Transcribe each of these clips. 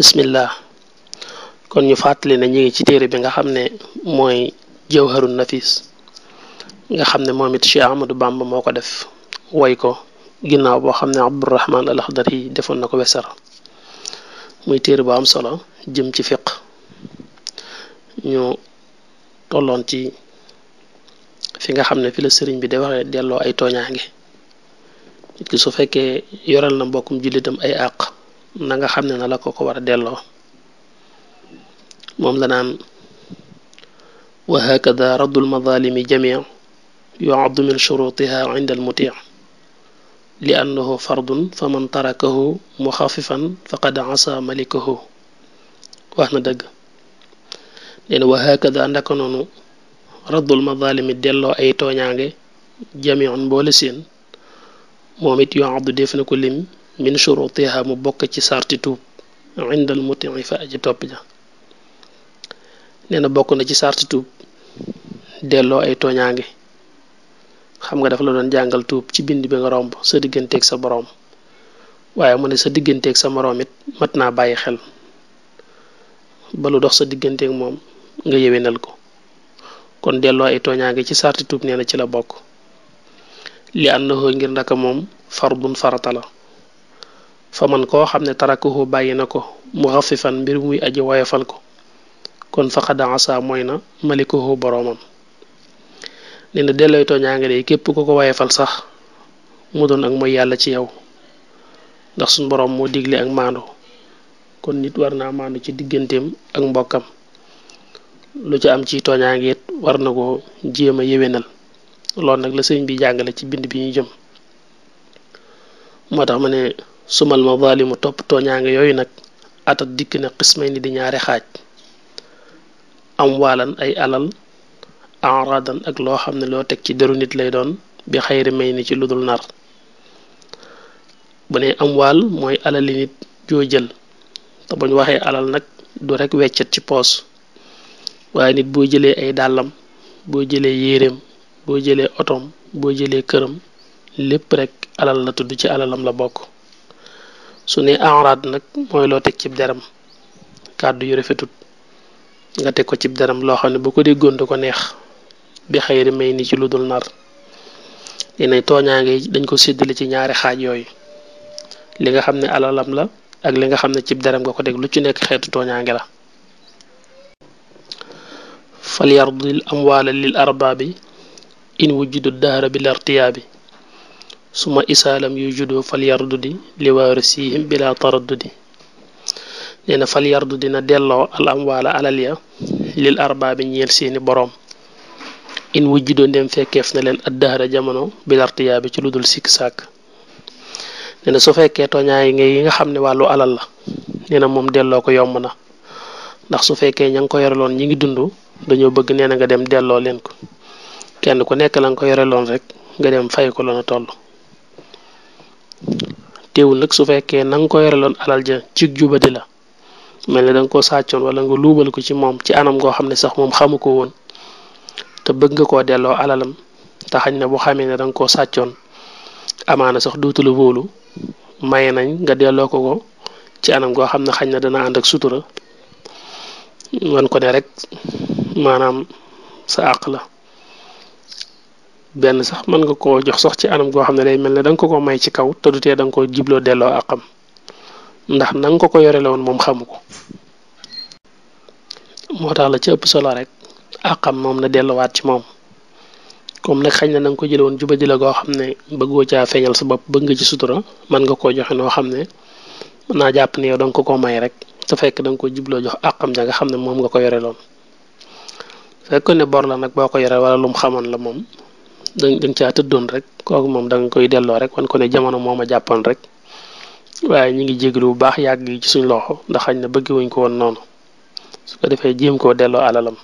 bismillah kon ñu fàttali ne ñu ngi ci téere bi nga xam ne mooy jawharun nafis nga xam ne moom it Cheikh Ahmadou Bamba moo ko def woy ko ginnaaw boo xam ne Abdourahman al Akhdari defoon na ko wesar muy téere bu am solo jëm ci fiq ñu tolloon ci fi nga xam ne fi la sëriñ bi de waxee delloo ay tooñaange nit ki su fekkee yoral na mbokkum jullitam ay àq na nga xam ne na la ko ko war a delloo moom lanaan naan wa hakada raddu almadalimi jamia yuaddu min shurutiha inda almuti li annahu fardun fa man tarakahu muxafifan faqad asa malikahu wax na dëgg leen wa hakada ndaka noonu raddul mazalimi delloo ay tooñaange jamiun mboole seen moom it yoo addu def lim min shurutiha mu bokk ci sarti tuub indal mutii fa aji topp ja nee na bokk na ci sarti tuub delloo ay tooñaange xam nga dafa la doon jàngal tuub ci bind bi nga romb sa digganteek sa boroom waaye mu ne sa digganteek sa moroom mat naa bàyyi xel ba lu dox sa digganteek moom nga yewenal ko kon delloo ay tooñaange ci sarti tuub nee ci la bokk li ànd na ngir naka moom fardun farata la fa man koo xam ne tarakahu bàyyi na ko mu fan mbir muy aji woyofal ko kon faqad asa mooy na malikuhu boroomam nee na dellooy tooñaange day képp ko ko woyofal sax mu doon ak mooy yàlla ci yow ndax suñ borom moo digle ak maandu kon nit war naa maandu ci digganteem ak mbokkam lu ci am ci tooñaange war na ko jéem a yéwénal loolu nag la sëñ bi jàngale ci bind bi ñuy jëm moo tax ma ne sumal mazalimu topp ngi yooyu nag atat dikk na xismay ni di ñaari xaaj am waalan ay alal enradan ak loo xam ne loo teg ci deru nit lay doon bi xayri may ni ci ludul nar bu ne am waal mooy alali nit joo jël te waxee alal nag du rek weccet ci poos waaye nit boo jëlee ay dàllam boo jëlee yéreem boo jëlee otoom boo jëlee këram lépp rek alal la tudd ci alalam la bokk su ne enrad nag mooy loo teg cib deram kàddu yu rafetut nga teg ko cib deram loo xam ne boo ko déggoon du ko neex bi xëyri may ni ci lu dul nar dina tooñaange dañ ko séddale ci ñaari xaaj yooyu li nga xam ne alalam la ak li nga xam ne cib deram nga ko dégg lu ci nekk xeetu tooñaange la falyardil amwaala lil bi in wujudu dahra bil bi suma isaalam yujudu juddoo fal yardudi li waarisihim bila taraddudi nee na fal yardudi na delloo al amwaala alal ya lil arbaabi ñeel seeni boroom in wujjidoo ndem fekkeef na leen addahra jamono bilartiyaa bi ci lu dul sikk sàkk nee na su fekkee tooñaay nga alal la ko yomb na ndax su fekkee ña ko yoreloon ñi ngi dund dañoo bëgg nee nga dem ko kenn ku la ko yoreloon rek nga dem fay ko teewul nag su fekkee na nga ko yoreloon alal ja ci jubadi la mel ne da nga ko sàccoon wala nga luubal ko ci moom ci anam goo xam ne sax moom xamu ko woon te bëgg nga koo delloo alalam te xañ na bu xamee ne danga koo sàccoon amaana sax duutu la maye nañ nga delloo ko ko ci anam goo xam ne xañ na dana ànd ak sutura wan ko ne rek maanaam sa àq la. benn sax mën nga koo jox sox ci anam goo xam ne day mel ne danga nga ko ko may ci kaw te du tee ko jibloo delloo ak xam ndax na ko ko yorele woon moom xamu ko moo la ci ëpp solo rek àqam moom na delluwaat ci moom comme nag xañ na na nga ko jële woon juba jële goo xam ne bëggoo caa feeñal sa bopp bëgg nga ci sutura mën nga koo joxe noo xam ne naa jàpp ne yow da nga ko may rek te fekk da nga ko jibloo jox àqam ja nga xam ne moom nga ko yoreloon fekk ne bor la nag boo ko yore wala lu xamoon la moom dañ dañ caa tëddoon rek kooku moom da koy delloo rek wan ko ne jamono moo ma jàppoon rek waaye ñu ngi jéglu bu baax yàgg yi ci suñ loxo ndax xañ na bëggewuñ ko woon noonu su ko defee jéem koo delloo alalam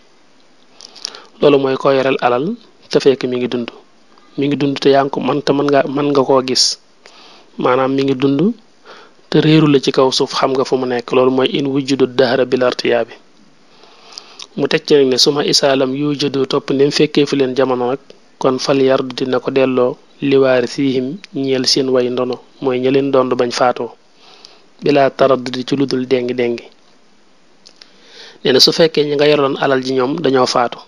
loolu mooy koo yoreel alal te fekk mi ngi dund mi ngi dund te yaa ngi ko man te mën nga mën nga koo gis maanaam mi ngi dund te réeru la ci kaw suuf xam nga fu mu nekk loolu mooy in wujjudu dahra bil artiyaa bi mu teg ci nag ne suma isaalam yu jëdu topp ndem fekkee fi leen jamono kon fal yard dina ko delloo liwaari siihim ñeel seen way ndono mooy ña leen dond bañ faatoo bilaa taraddudi ci ludul déngi déngi nee su fekkee ñi nga yoroon alal ji ñoom dañoo faatu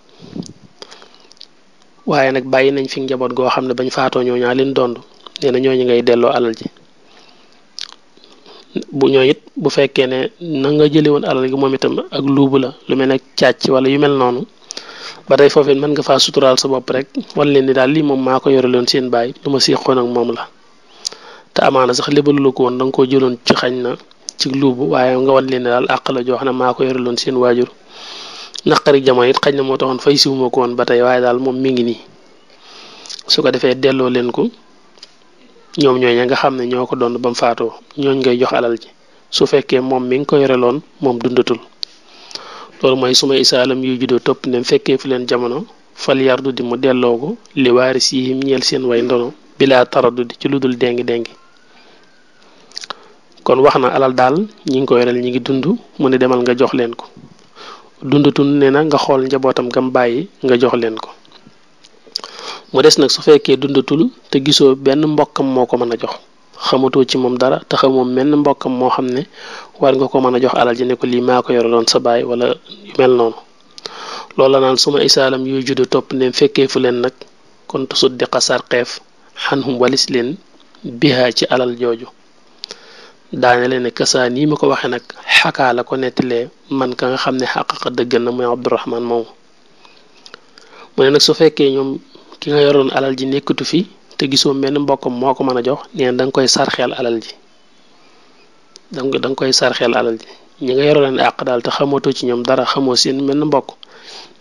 waaye nag bàyyi nañ fi njaboot goo xam ne bañ faatoo ñoo ñaa leen dond nee na ñooñu ngay delloo alal ji bu ñoo it bu fekkee ne na nga jëlee woon alal gi moom itam ak luubu la lu mel ne càcc wala yu mel noonu ba tey foofu it mën nga faa suturaal sa bopp rek wan leen ni daal lii moom maa ko yore loon seen baay lu ma séqoon ak moom la te amaana sax lébalu ko woon da nga koo jëloon ci xañ na ci luubu waaye nga wan leen ni àq la joo ne maa ko yore loon seen waajur naqari jamono it xañ na moo taxoon fay siwuma ko woon ba tey waaye daal moom mi ngi nii su ko defee delloo leen ko ñoom ñooña nga xam ne ñoo ko doon ba mu faatoo ñooñ ngay jox alal ji su fekkee moom mi ngi ko yore loon moom dundatul loolu mooy su ma isaalam yuy juddoo topp ne fekkee fi leen jamono fal yardu di mu delloo ko li waari siihim ñeel seen way ndono bilaa taraddudi ci lu dul déngi déngi kon wax na alal daal ñi ngi ko yoreel ñi ngi dund mu ne demal nga jox leen ko dundatul nee na nga xool njabootam gam bàyyi nga jox leen ko mu des nag su fekkee dundatul te gisoo benn mbokkam moo ko mën a jox xamatoo ci moom dara te xamoo menn mbokkam moo xam ne war nga ko mën a jox alal ji ne ko lii maa ko loon sa baay wala yu mel noonu loolu la naan suma isaalam yuy juddu topp ndem fekkee fu leen nag kon tusut di xasar xeef xanhum walis leen bihaa ci alal jooju daane leen ne kasaan yi mu ko waxee nag xakaa la ko nettilee man ka nga xam ne xaqaqa dëggal na muy abdurahman moomu mu ne nag su fekkee ñoom ki nga yoroon alal ji nekkatu fi te gisoo menn mbokkam moo ko mën a jox neen da nga koy sarxeel alal ji da nga koy sarxeel alal ji ñi nga yore leen àq daal te xamatoo ci ñoom dara xamoo seen menn mbokk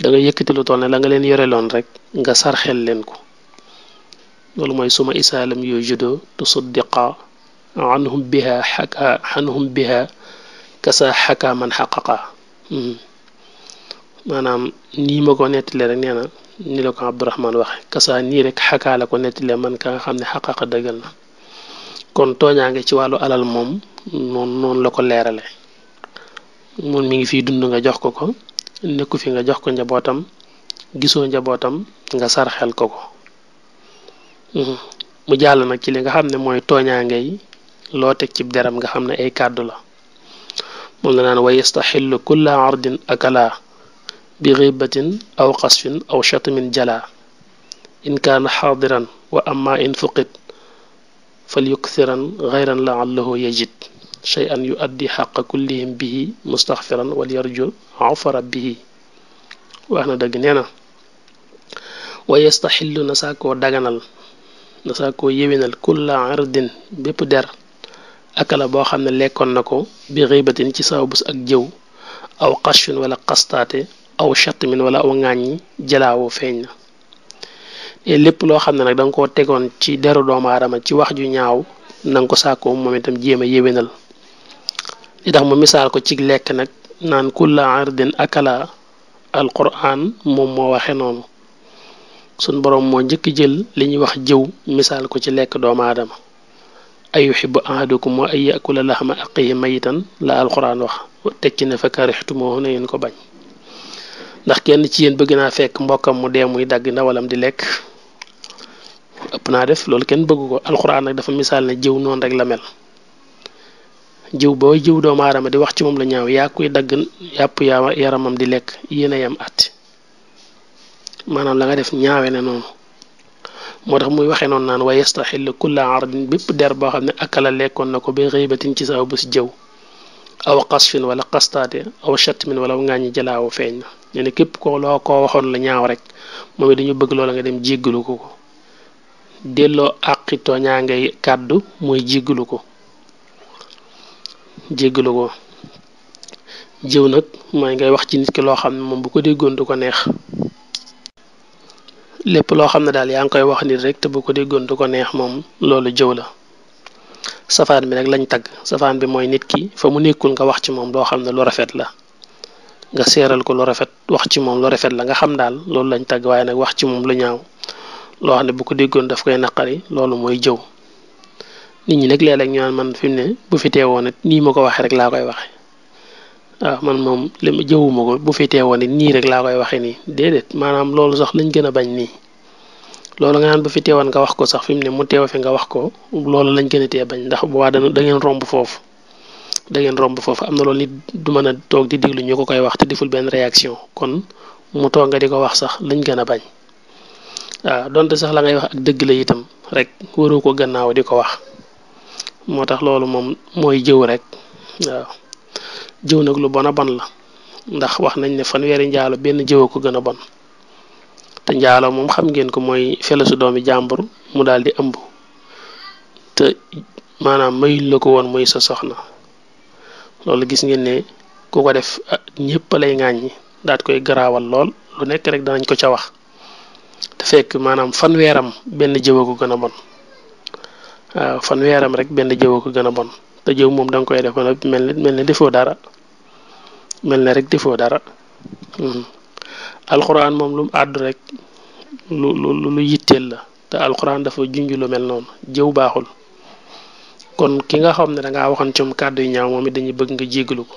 da nga yëkkati lu toll ne la nga leen yore loon rek nga sarxeel leen ko loolu mooy suma isaalam yooyu judo tusaddiqa anhum biha xaka anhum biha kasa xaka man xaqaqa hmm. maanaam nii ma ko nettali rek nee na ni la ko Abdurahman waxe kasaa nii rek xakaa la ko nettile man ka nga xam ne xaqaqa dëggal na kon tooñaange ci wàllu alal moom noonu la ko leerale moom mi ngi fi dund nga jox ko ko nekku fi nga jox ko njabootam gisoo njabootam nga sar xel ko ko uhm, mu jàll nag ci li nga xam ne mooy tooñaange yi loo teg ci deram nga xam ne ay kàddu la moom la naan wa yastaxillu kulla ardin akala بغيبة أو قصف أو شتم جلا إن كان حاضرا وأما إن فقد فليكثرا غيرا لعله يجد شيئا يؤدي حق كلهم به مستغفرا وليرجو عفر به وأنا دقنينا ويستحل نساكو دقنال نساكو يبنال كل عرض ببدر أكل بوخم ليكون نكو بغيبة تساو بس أكجو أو قشن ولا قصتاتي aw chatmin wala aw ŋàññi jëlaawoo feeñ na lépp loo xam ne nag danga nga koo tegoon ci deru doomu aadama ci wax ju ñaaw na ko saakoo moom itam jéem a yéwénal li mu misaal ko ci lekk nag naan kulla ardin akala alquran moom moo waxe noonu sun boroom moo njëkk jël li ñuy wax jëw misaal ko ci lekk doomu aadama ayuxibu ahadukum wa ay yakula laxma aqihi mayitan la alquran wax teg ci ne fa karixtumoo na yéen ko bañ ndax kenn ci yéen bëgg naa fekk mbokkam mu dee muy dagg ndawalam di lekk ëpp naa def loolu kenn bëgg ko alxuraan nag dafa misaal ne jiw noonu rek la mel jiw boo jiw doomu aadama di wax ci moom la ñaaw yaa kuy dagg yàpp yaramam di lekk yéen a yam at maanaam la nga def ñaawe ne noonu moo tax muy waxee noonu naan wa yastaxil kulla ardin bépp der boo xam ne akala lekkoon na ko bi xiibatin ci sa bés jëw aw xasfin wala xastaate aw chatmin wala ŋaañi jalaawu feeñ na nee na képp ko loo koo waxoon la ñaaw rek moom it dañu bëgg loola nga dem jéggalu ko ko delloo àqi ñaa ngay kàddu mooy jéggalu ko jéggalu ko jëw nag mooy ngay wax ci nit ki loo xam ne moom bu ko déggoon du ko neex lépp loo xam ne daal yaa ngi koy wax nit rek te bu ko déggoon du ko neex moom loolu jëw la safaan bi nag lañ tagg safaan bi mooy nit ki fa mu nekkul nga wax ci moom loo xam ne lu rafet la nga seeral ko lu rafet wax ci moom lu rafet la nga xam daal loolu lañ tàgg waaye nag wax ci moom lu ñaaw loo xam ne bu ko déggoon daf koy naqari loolu mooy jëw nit ñi nag léeg-léeg ñu naan man fi ne bu fi teewoon it nii ma ko waxee rek laa koy waxee waaw ah, man moom li ma jëwuma ko bu fi teewoon it nii rek laa koy waxee nii déedéet maanaam loolu sax lañ gën a bañ nii loolu nga naan bu fi teewoon nga wax ko sax fi mu ne mu teew fi nga wax ko loolu lañ gën a tee bañ ndax bu waa da ngeen romb foofu dangeen romb foofu am na loolu nit du mën a toog di déglu ñu ko koy wax te deful benn réaction kon mu toog nga di ko wax sax lañ gën a bañ waaw ah, donte sax la ngay wax ak dëgg la itam rek waroo ko gannaaw di ko wax moo tax loolu moom mooy jëw rek waaw jëw nag lu bon a bon la ndax wax nañ ne fanweeri njaalo benn jëw ko gën a bon te njaaloo moom xam ngeen ko mooy felesu doomi jàmbur mu daal di ëmb te maanaam mayuñ la ko woon muy sa soxna loolu gis ngeen ne ku ko def ah, ñëpp lay ŋàññi daat koy garaawal lool lu nekk rek danañ ko ca wax te fekk maanaam fanweeram benn jëwa ko gën a bon ah, fanweeram rek benn jëwa ko gën a bon te jëw moom da nga koy def ba mel ni mel ni defoo dara mel na rek defoo dara hmm. alxuraan moom lu mu àddu rek lu lu lu yitteel la te alxuraan dafa junj lu mel noonu jëw baaxul. kon ki nga xam ne da waxoon ci kàddu yu ñaaw moom it dañuy bëgg nga jéggalu ko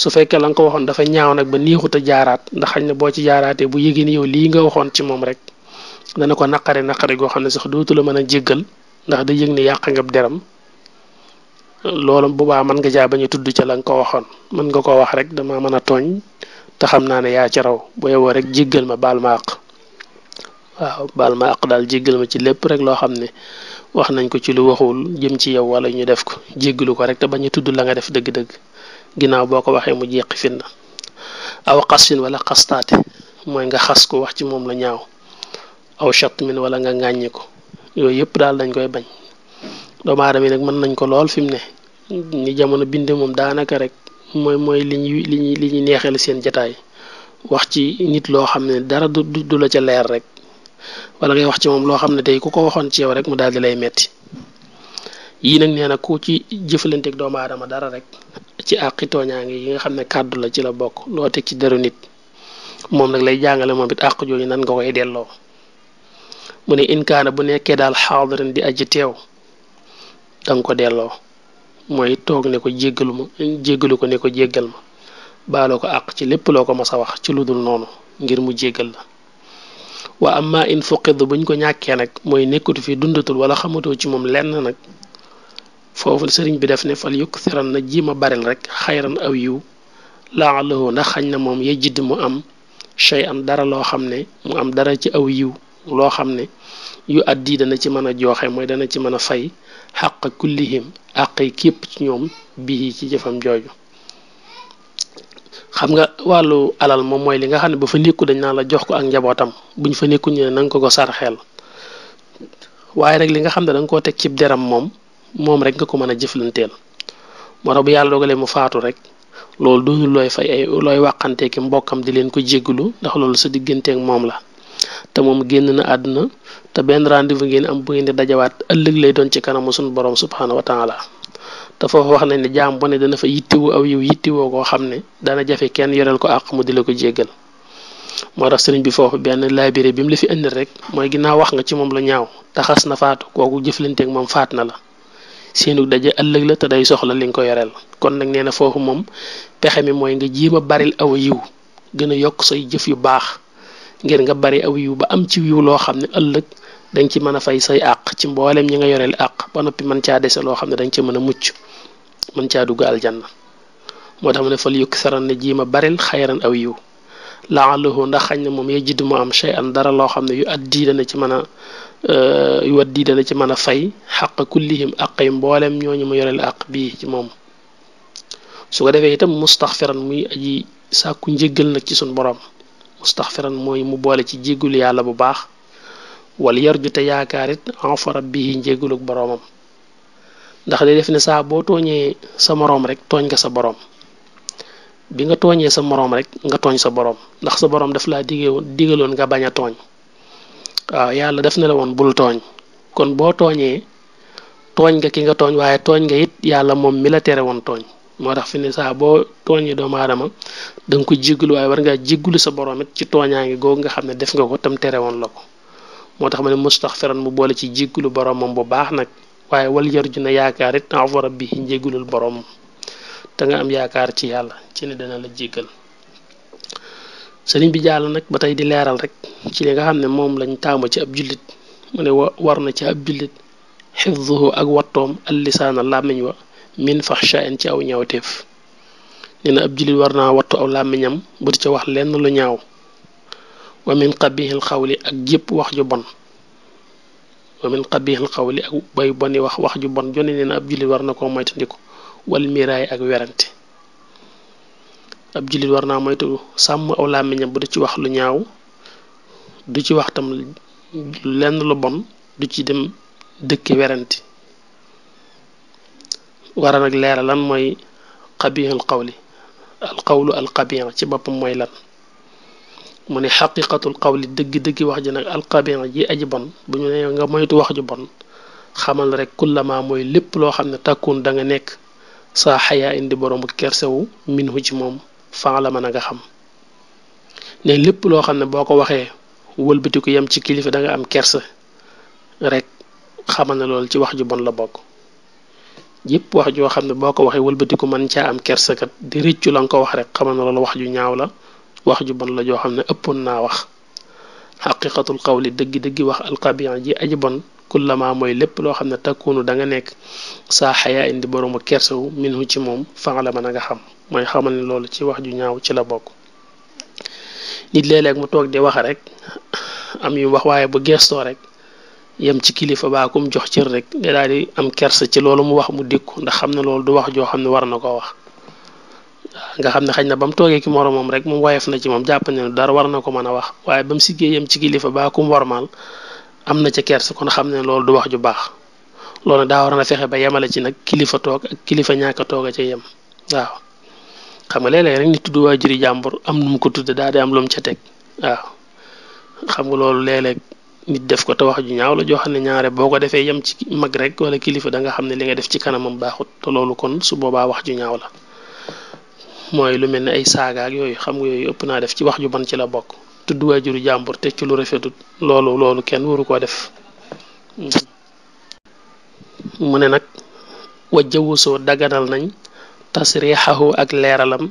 su fekkee la nga ko waxoon dafa ñaaw nag ba niixut a jaaraat ndax xañ na boo ci jaaraatee bu yëgee ni lii nga waxoon ci moom rek dana ko naqari naqari goo xam ne sax dootu la mën a jéggal ndax da yëg ni yàq nga deram loolu boobaa mën nga jaa bañ a tudd ca la nga ko waxoon mën nga ko wax rek dama mën a tooñ te xam naa ne yaa ci raw bu yowoo rek jéggal ma baal ma àq waaw baal ma àq daal jéggal ma ci lépp rek loo xam ne wax nañ ko ci lu waxul jëm ci yow wala ñu def ko jéggalu ko rek te bañ a tudd la nga def dëgg-dëgg ginnaaw boo ko waxee mu jeqi fin na aw xasfin wala xastaate mooy nga xas ko wax ci moom la ñaaw aw chatmin wala nga ŋàññi ko yooyu yëpp daal dañ koy bañ doomu aadama yi nag mën nañ ko lool fi mu ne ñu jamono bind moom daanaka rek mooy mooy li ñuy li ñuy li ñuy neexal seen jataay wax ci nit loo xam ne dara du du la ca leer rek wala ngay wax ci moom loo xam ne tey ku ko waxoon ceew rek mu daal di lay metti yii nag nee na ku ci jëflanteek doomu aadama dara rek ci àqi tooñaange yi nga xam ne kàddu la ci la bokk loo teg ci deru nit moom nag lay jàngale moom it àq jooju nan nga koy delloo mu ne inkaana bu nekkee daal xaadirin di aji teew danga ko delloo mooy toog ne ko jéggalu ma jéggalu ko ne ko jéggal ma baaloo ko àq ci lépp loo ko mas a wax ci lu dul noonu ngir mu jéggal la wa amma in fuqid buñ ko ñàkkee nag mooy nekkatu fi dundatul wala xamatoo ci moom lenn nag foofu sëriñ bi def ne fal yukthiran na jiima baril rek xayran aw yiw laalahu ndax xañ na moom yay jidd mu am shay an dara loo xam ne mu am dara ci aw yiw loo xam ne yu addi dana ci mën a jooxe mooy dana ci mën a fay xaq kullihim àqi képp ci ñoom bii ci jëfam jooju xam nga wàllu alal moom mooy li nga xam ne bu fa nekku dañ naa la jox ko ak njabootam buñ fa nekku ñu ne na nga ko ko sarxeel waaye rek li nga xam ne da nga koo teg cib deram moom moom rek nga ko mën a jëflanteel moo bu yàlla dogalee mu faatu rek loolu doonul looy fay looy waxante mbokkam di leen ko jéggalu ndax loolu sa digganteeg moom la te moom génn na àdduna te benn rendez-vous ngeen am bu ngeen di dajawaat ëllëg lay doon ci kanamu suñu borom subhanahu wa taala te foofu wax nañ ne jaam bu ne dana fa yittiwu aw yiw yittiwoo koo xam ne dana jafe kenn yoreel ko àq mu di la ko jéggal moo tax sëriñ bi foofu benn laabire bi mu fi indil rek mooy ginnaaw wax nga ci moom lu ñaaw te na faatu kooku jëflanteek moom faat na la seenu daje ëllëg la te day soxla li ko yoreel kon nag nee na foofu moom pexe mi mooy nga jéem a baril aw yiw gën a yokk say jëf yu baax ngir nga bari aw yiw ba am ci yiw loo xam ne ëllëg dañ ci mën a fay say àq ci mbooleem ñi nga yoreel àq ba noppi mën caa dese loo xam ne dañ ci mën a mucc mën caa dugg aljanna moo tax mu ne fal yukk saran ne jii ma baril xayran aw yiw laalahu ndax xañ na moom yey mu am shay an dara loo xam ne yu at dii dana ci mën a euh, yu at dii dana ci mën a fay xaq kullihim àq yi mboolem ñooñu ma yoreel àq bii ci moom su ko defee itam mustaxfiran muy aji sàkku njéggal nag ci suñu borom mustaxfiran mooy mu boole ci jéggul yàlla bu baax wala yarju te yaakaar it enfara bii njégalu boroomam ndax day def ne saa boo tooñee sa moroom rek tooñ nga sa boroom bi nga tooñee sa moroom rek nga tooñ sa boroom ndax sa boroom daf laa digee woon nga bañ a tooñ waaw yàlla def na la woon bul tooñ kon boo tooñee tooñ nga ki nga tooñ waaye tooñ nga it yàlla moom mi la tere woon tooñ moo tax fi ne saa boo tooñee doomu aadama da nga ko jéggalu waaye war ngaa jéggalu sa boroom it ci tooñaa ngi googu nga xam ne def nga ko tam tere woon la ko moo tax ma ne mustaxfiran mu boole ci jéggulu boromam bu baax nag waaye wal yarju na yaakaar it afu rabbi njéggulul boromam te nga am yaakaar ci yàlla ci ne dana la jéggal sëriñ bi jàll nag ba tey di leeral rek ci li nga xam ne moom lañ taamu ci ab jullit mu ne war na ci ab jullit xifduhu ak wattoom al lisaana làmmiñ wa min faxshain ci aw ñaawteef nee na ab jullit war naa wattu aw làmmiñam bu di ca wax lenn lu ñaaw wa min qabihil xawli ak jépp wax ju bon wa min qabihil xawli ak bay boni wax wax ju bon jone nee ab jullit war na koo moytandiku wal miraay ak werante ab jullit war naa moytu sàmm aw làmmiñam bu du ci wax lu ñaaw du ci wax tam lenn lu bon du ci dem dëkke werante wara nag leera lan mooy qabihil xawli al qawlu al qabih ci boppam mooy lan mu ne xaw li dëgg-dëgg wax ji nag alqabin ji aji bon bu ñu nee nga moytu wax ju bon xamal rek kullama mooy lépp loo xam ne tàkkuun da nga nekk saa xayaa indi boroomu kersewu minhu ci moom fan la mën a nga xam ne lépp loo xam ne boo ko waxee wëlbatiku yam ci kilifa da nga am kerse rek xamal na loolu ci wax ju bon la bokk yépp wax joo xam ne boo ko waxee wëlbatiku mën caa am kerse kat di rëccu la nga ko wax rek xamal na loolu wax ju ñaaw la wax ju bon la joo xam ne ëppoon naa wax xaqiqatul xaw li dëggi wax alqabian ji aji bon kullama mooy lépp loo xam ne takkuunu da nga nekk saa xayaa indi boroomu kersawu minhu ci moom fanga la mën a nga xam mooy xamal ne loolu ci wax ju ñaaw ci la bokk nit léeg-léeg mu toog di wax rek am yu wax waaye bu gestoo rek yam ci kilifa baa kum jox cër rek nga daal di am kersa ci loolu mu wax mu dikku ndax xam ne loolu du wax joo xam ne war na koo wax nga xam ne xañ na ba mu toogee ki moromam rek mu woyof na ci moom jàpp ne dara war na ko mën a wax waaye ba mu siggee yem ci kilifa baa ku mu am na ca kersa kon xam ne loolu du wax ju baax loolu daa war na fexe ba yemale ci nag kilifa toog ak kilifa ñàkk toog a ca yem waaw xam nga léeg rek nit tudd waa waajuri jàmbur am nu mu ko tudd daal di am lu ca teg waaw xam nga loolu léeg nit def ko te wax ju ñaaw la joo xam ne ñaare boo ko defee yem ci mag rek wala kilifa da nga xam ne li nga def ci kanamam baaxut te loolu kon su boobaa wax ju ñaaw la. mooy lu mel ni ay saaga yooyu xam nga yooyu ëpp naa def ci wax ju ban ci la bokk tudd waajuru jàmbur te ci lu rafetut loolu loolu kenn waru koo def mm. mu ne nag wa jawusoo daganal nañ tasriixahu ak leeralam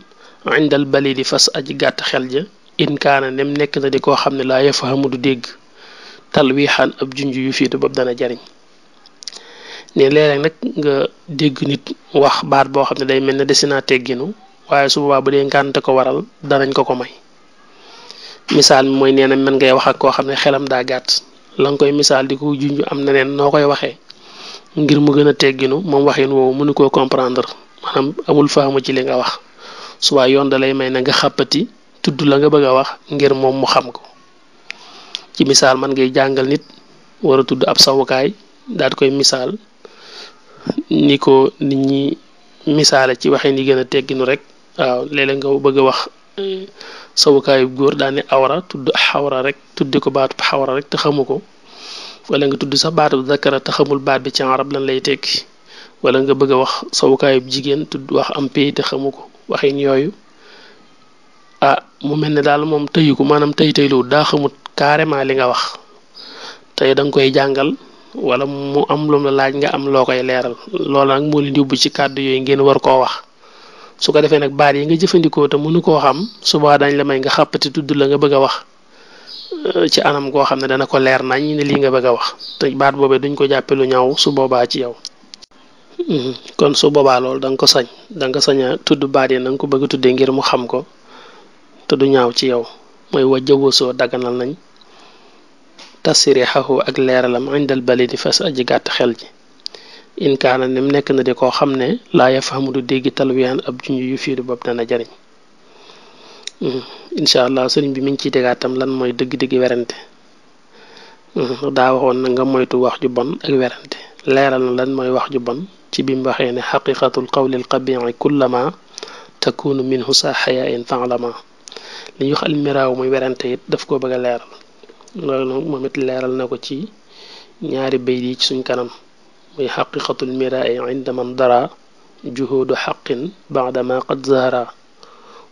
indal bali di fas aji gàtt xel ja inkaana nem nekk na di koo xam ne laa yafahamu du dégg talwiixaan ab junj yu fiitu boobu dana jariñ ne léeg nag nga dégg nit wax baat boo xam ne day mel ne desinaa tegginu waaye su boobaa bu dee ngànt ko waral danañ ko ko may misaal ane mooy nee na mën ngay wax ak koo xam ne xelam daa gàtt la nga koy misaal di ko junj am na neen noo koy waxee ngir mu gën a tegginu moom waxin woowu mënu koo comprendre maanaam amul faamu ci li nga wax subaa yoon dalay may na nga xàppati tudd la nga bëgg wax ngir moom mu xam ko ci misaal man ngay jàngal nit war a tudd ab sawukaay daal koy misaal ni ko nit ñi misaale ci waxin yi gën a tegginu rek waaw léeg nga bëgg a wax mm. sawukaayu góor daani ne awra tudd xawra rek tudd ko baatu xawra rek te xamu ko wala nga tudd sax baatu zakara te xamul baat bi ci arab lan lay tekki wala nga bëgg a wax sawukaayu jigéen tudd wax am pay te xamu ko waxin yooyu ah mu mel ni daal moom tëyu ko maanaam tey tey loolu daa xamut carrément li nga wax tey danga koy jàngal wala mu am lu laaj nga am loo koy leeral loolu nag moo leen yóbbu ci kàddu yooyu ngeen war koo wax. su ko defee nag baat yi nga jëfandikoo te mënu koo xam subaa dañ la may nga xàppati tudd la nga bëgg a wax euh, ci anam goo xam dana ko leer nañ ne lii nga bëgg a wax te baat boobee duñ ko jàppe lu ñaaw su boobaa ci yow mm-hmm. kon su boobaa lool da nga ko sañ da nga ko sañ a tudd baat na nga ko bëgg tuddee ngir mu xam ko te du ñaaw ci yow mooy wajjawasoo daganal nañ tasirixahu ak leeralam indal balidi fas aji gàtt xel inkaana ni mu nekk na di koo xam ne laa du dégg talwiyaan ab junj yu fiidu bopp dana jariñ hmm. allah sëriñ bi mi ngi ciy tegaat lan mooy dëgg-dëgg werante hmm. daa waxoon na nga wax ju bon ak werante leeral lan mooy wax ju bon ci bi mu waxee ne xaqiqatul qawlil qabii kullama takunu minhu sa xayaain faalama li ñuy wax almiraaw muy werante it daf koo bëgg a leeral loolu moom it leeral na ko ci ñaari bayt yi ci suñ kanam حقيقة المراء عند من درى جهود حق بعد ما قد ظهر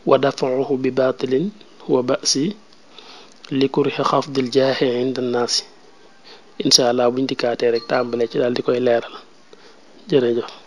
ودفعه بباطل هو وبأس لكره خفض الجاه عند الناس إن شاء الله dikkaatee rek tàmbale ci daal di koy leeral jërëjëf